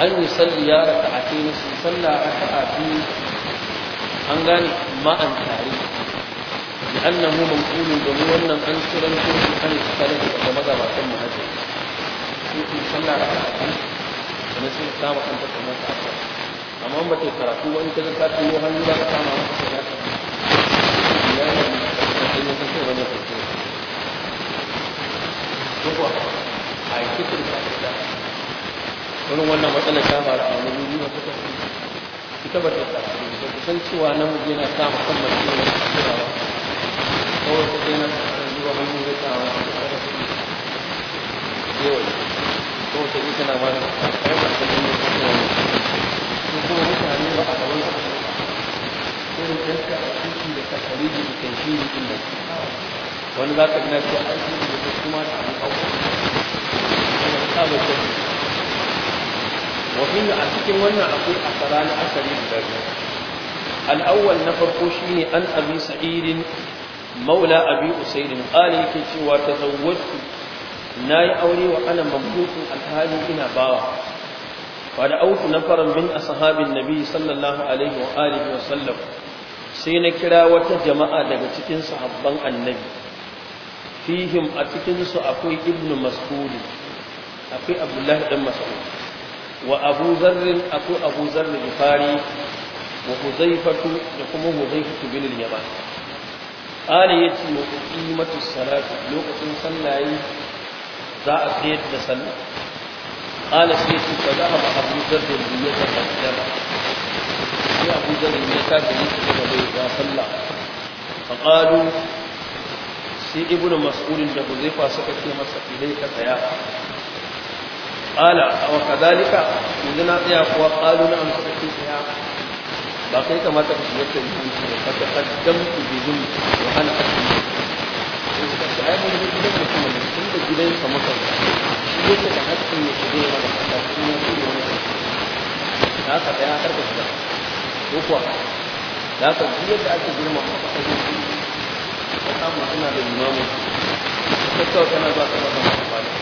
أن يصلي ركعتين صلى ركعتين أن قال ما an gane ma'an tare لأنه منقول بمن أن سرن أن يختلف كما ذا ما تم هذا يمكن صلى ركعتين أن سمعت كما أنت كما تعرف أما أما تكرهوا وإن كذا كاتوا وهم لا كانوا لا لا لا لا لا wurin wannan matsalar ta faru a wani wuri wata kasu su taba da ta faru da kusan cewa namiji yana sa musamman ne na tsira ba kawai ta zai na daina zuwa wani wuri ta wani tsara su yau kawai ta yi tana wani kai ba ta daina ta kuma su kuma mutane ba a kawai su ko irin yanka a cikin da ta kare da ta shi ne inda wani za ka gina ce a cikin da ta kuma ta an kawo wani tsaba ta وفيه أسكن ونا أقول أثران أثري بذلك الأول نفرق شيني أن أبي سعيد مولى أبي أسيد قال يكي وتزوجت ناي أولي وأنا مبهوث الحالي إنا باوة فدعوت نفرا من أصحاب النبي صلى الله عليه وآله وسلم سين كرا وتجمع دقتك صحبا النبي فيهم أتكنس أقوي ابن مسعود أقوي عبد الله بن مسعود wa abu zarrin aku abu zarrin bukari wa da kuma huzaifatu bin al-yaman ali yace wa qimatu salat lokacin sallaye za a tsayar da sallah ala sai su fa da abu zarrin bin ya tabbata sai abu zarrin ya sai ibnu mas'ud da huzaifa suka ce masa ilai ka tsaya Ala. aw kadhalika yanzu tsaya kuwa qalu na ba kai kamata ka kaddam ku wa ai mun yi da kuma da gidan sa maka ne da da ka ka ko kuwa da ka ji yadda ake girma ma ka ka da imamu ka kawo kana ba ka ka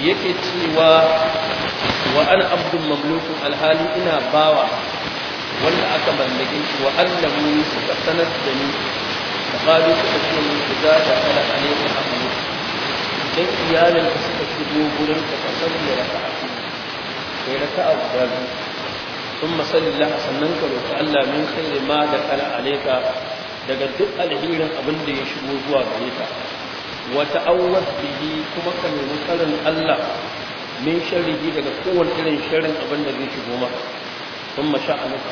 yake cewa wa ana abdul mamlukun alhali ina bawa wanda aka mallake shi wa annahu suka sanar da ni da qalu suka ce mun da za ala alayka amru dan iyalin da suka shigo gurin ka fasar da raka'a kai raka'a guda thumma sallallahu sannan ka roki Allah min khairi ma da kala alayka daga duk alhirin abin da ya shigo zuwa gare ka Wata ta'awwaz bihi kuma ka nemi tsarin Allah min sharrihi daga kowane irin sharrin abin da zai shigo maka kuma sha'anuka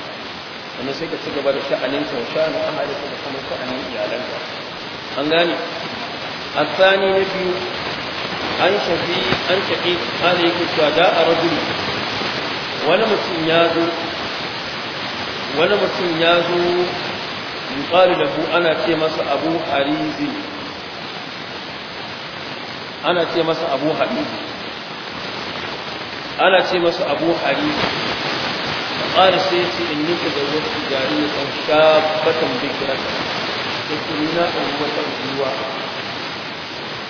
sannan sai ka ci gaba da sha'aninka wa sha'anu ahalika da kuma sha'anin iyalanka an gane الثاني نبي an shafi an shafi hali yake cewa da a rajul wani mutum ya zo wani mutum ya zo yuqalu lahu ana ce masa abu harizi ana ce masa abu hadisi ana ce masa abu hadisi qala sai ce in nika da wasu jariya kan shabbatan bikirata take nuna an wata ruwa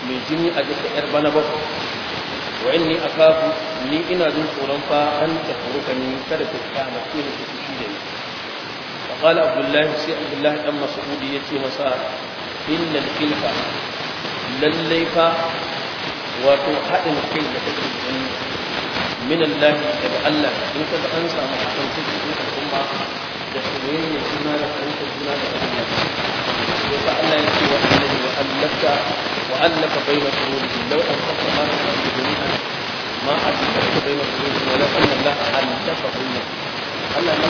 mai jini a duka yar bana bakwai wa a kafu? ni ina jin tsoron fa an tafuruka ni kada ta kama ke da kishi da ni فقال عبد الله سي عبد الله دان مسعود yace masa innal kilfa lallai fa وتوحدنا في الجنة من الله تبعلا أنت أنسى ما كنت تقول لكم ما تشعرين يسمى لك أنت الجنة وتعلا يسي وحدني وألك وألك بين قلوبه لو أنفقت ما تقول لكم ما أدفقت بين قلوبه ولو أن الله ألك فقلنا ألا لا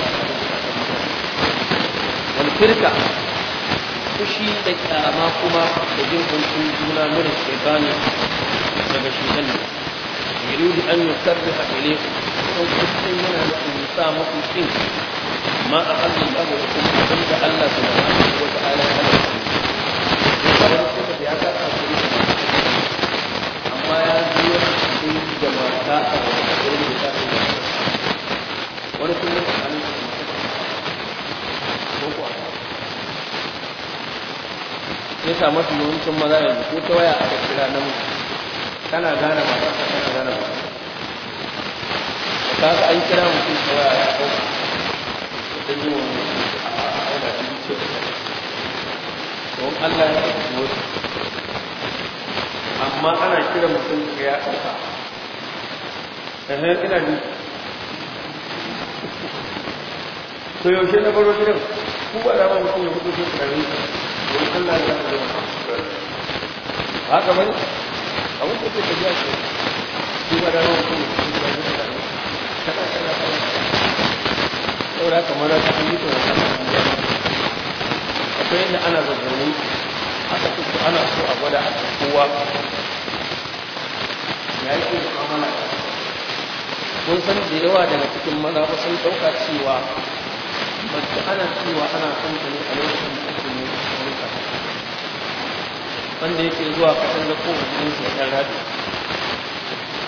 تقول لكم ولكرك fushi da kyama kuma da jin kuncin juna mura shaitani daga shaitan ne yuridu an yusarrifa ilayhi kun kusin yana da sa muku tsin ma a Allah da kuma da Allah subhanahu bisa masu yawancin maza yanzu ko ta waya aka kira nan kana gane ba ka kana gane ba ka ga an kira mutum ta waya ya ko da yi wani a yana da ce don Allah ya ɗauki wasu amma ana kira mutum ya ta ɗan ina ne to yaushe na baro gidan ku ba da mutum ya fito sun ƙarfi haka bane abin da ke tafiya ce shi ba da rawan kuma shi ba da rawan kada kada kada saboda haka mana ta an yi to wannan akwai yadda ana zazzauni haka kuma ana so a gwada a kowa ya yi mu'amala mun san da yawa daga cikin maza sun ɗauka cewa mace ana cewa ana son ta ne a lokacin wanda yake zuwa kasan da kowa jirin shi ya rabi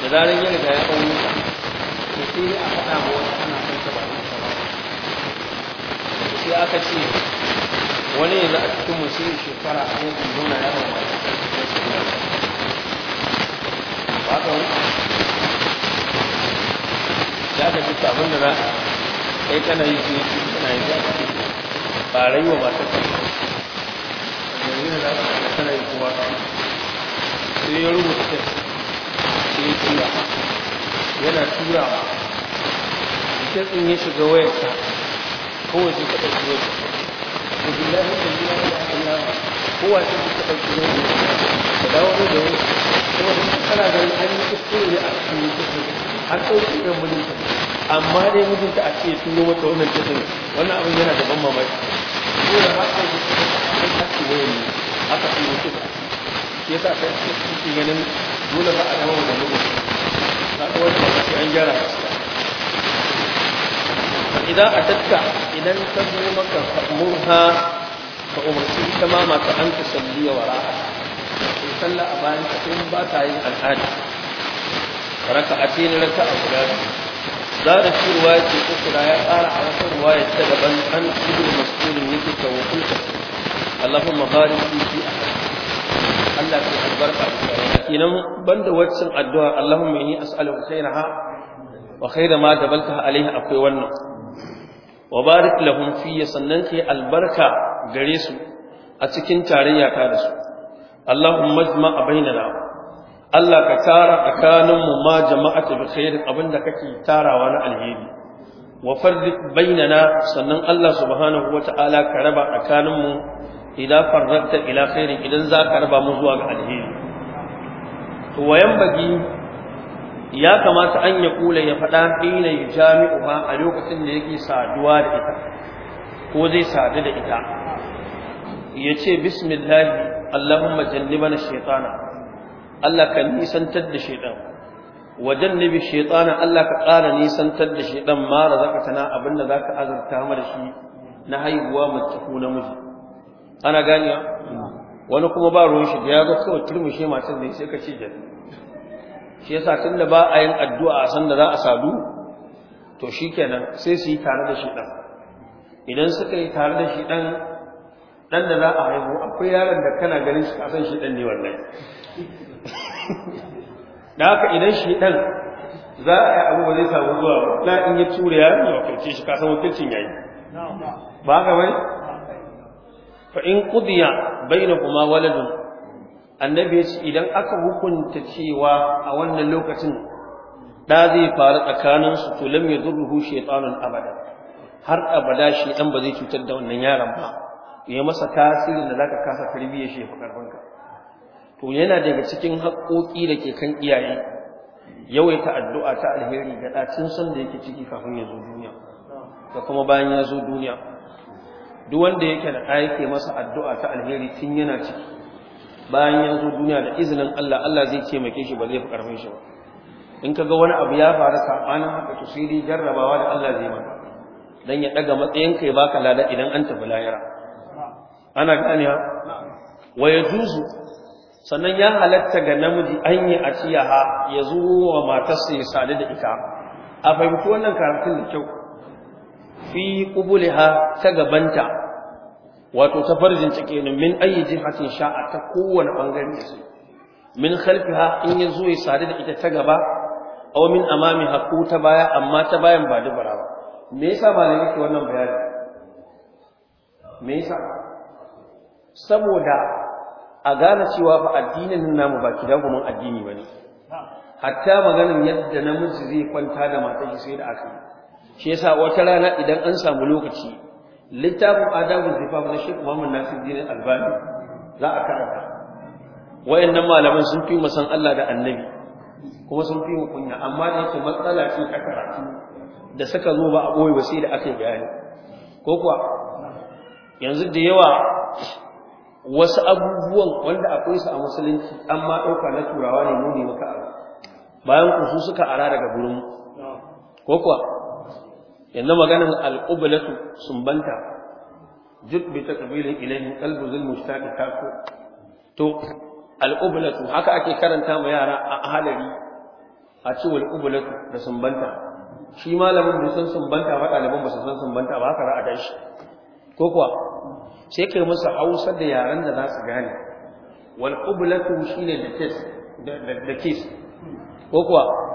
da zarar yana da ya kawo wuta to sai a faɗa ma wata ana son ta ba ta ba sai aka ce wani yanzu a cikin sai shekara a yankin zauna ya ba ta ba ka wani ba ka ce abin da za kai kana yi sai kana yi za ce ba rayuwa ba ta kai yanzu za ka yi kowa sai ya rubuta sai ya tura yana turawa test ɗin ya shiga wayarsa kawai sai ka ɗauki wayarsa to billahi da billahi da Allah kowa sai ka ɗauki wayarsa ka dawo da wayarsa kuma kana ganin an yi ne a cikin kuskure an ɗauki ɗan mijinta amma dai mijinta a ce mata wannan wannan abin yana da ban mamaki ko da ba a yi kuskure a kan haske wayan ne haka su yi kisa shi yasa kai suke ganin dole ba a dawo da lugu ta ga wani ba sai an gyara idan a tatta idan ta zo maka murha ka umarci ita ma mata an ta salliya wa ra'a in sallah a bayan ka in ba ta yin al'ada raka a cikin raka a guda za da shirwa ce ko kuma ya tsara a wata ruwa ya ta daban an ibn mas'ulin yake ta wakilta Allahumma barik fi fi Allah ke albarka idan banda waccan addu'a Allahumma inni as'aluka khairaha wa khaira ma da dabalta alaiha akwai wannan wa barik lahum fi sannan kai albarka gare su a cikin tarayya ta da su Allahumma jma'a bainana Allah ka tara tsakaninmu ma jama'a ta bi khairin abinda kake tarawa na alheri wa farriq bainana sannan Allah subhanahu wa ta'ala ka raba tsakaninmu idan farrakta ila khairin idan za ka raba mu zuwa ga alheri to wayan bagi ya kamata an ya kula ya faɗa hina ya jami'u ba a lokacin da yake saduwa da ita ko zai sadu da ita ya ce bismillahi allahumma jannibana shaitana Allah ka nisantar da shaitan wa jannibi shaitana Allah ka ƙara nisantar da shaitan ma razaqtana abinda zaka azurta mu da shi na haihuwa mace na namiji ana ganiya wani kuma ba ruwan shi ya ga kawai turmushe matan ne sai ka ce da shi yasa tunda ba a yin addu'a a san da za a sadu to shikenan sai su yi tare da shi dan idan suka yi tare da shi dan dan da za a haihu akwai yaron da kana ganin shi kasan shi dan ne wannan da haka idan shi dan za a yi abu ba zai samu zuwa ba na in yi tura yaron ya wakilce shi kasan wakilcin yayi ba haka bai fa in qudiya bainakuma waladun annabi ya ce idan aka hukunta cewa a wannan lokacin da zai faru tsakanin su to lam yadurruhu shaytanun abada har abada shi dan ba zai cutar da wannan yaron ba ya masa tasiri da zaka kasa tarbiyyar shi fa karbanka to yana daga cikin haƙoƙi da ke kan iyaye yawaita addu'a ta alheri ga ɗacin san da yake ciki kafin ya zo duniya da kuma bayan ya zo duniya duk wanda yake da ɗaya ke masa addu'a ta alheri tun yana ciki bayan ya zo duniya da izinin Allah Allah zai taimake shi ba zai fi ƙarfin shi ba in ka ga wani abu ya faru saɓanin haka to sai dai jarrabawa da Allah zai maka dan ya ɗaga matsayin kai baka lada idan an tafi lahira ana gane ha wa yajuzu sannan ya halatta ga namiji an yi aciyaha ya zo wa matarsa ya sadu da ita a fahimci wannan karatun da kyau fi qubuliha ta gabanta wato ta farjin cike nan min ayi jihatin sha'a ta kowane bangare su min khalfiha in ya zo ya sadu da ita ta gaba aw min amamiha ko ta baya amma ta bayan ba dubara ba me yasa ba ne yake wannan bayani me yasa saboda a gane cewa fa addinin namu ba kuma addini bane hatta maganin yadda namiji zai kwanta da matar shi sai da aka shi yasa wata rana idan an samu lokaci littafin adabul zifaf na Sheikh Muhammad Nasiruddin Albani za a karanta wayannan malaman sun fi musan Allah da Annabi kuma sun fi kunya amma da su matsala ce ta karatu da suka zo ba a boye wasi sai da aka bayani ko kuwa yanzu da yawa wasu abubuwan wanda akwai su a musulunci an ma ɗauka na turawa ne muni ne maka bayan ku su suka ara daga gurin ko kuwa yanzu al'ubulatu sun sumbanta duk bi ta ƙabilin ilahin ƙalbu zul mushtaqi taso? to al'ubulatu haka ake karanta ma yara a halari a ce al'ubulatu da sumbanta shi malamin bai san sumbanta ba ɗaliban ba su san sumbanta ba haka za a tashi ko kuwa sai kai masa hausa da yaran da za su gane walƙubalatu shi ne da kes ko kuwa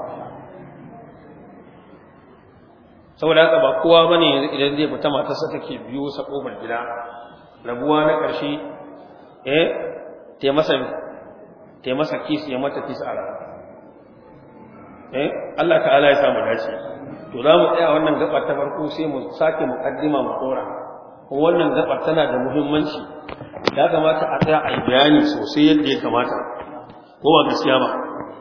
saboda haka ba kowa ba yanzu idan zai fita matarsa take biyo sa kofar gida rabuwa na ƙarshe eh te masa te masa kis ya mata kis a eh Allah ta'ala ya samu dace to za mu tsaya wannan gabar ta farko sai mu sake muqaddima mu kora ko wannan gabar tana da muhimmanci ya kamata a tsaya a yi bayani sosai yadda ya kamata ko ba gaskiya ba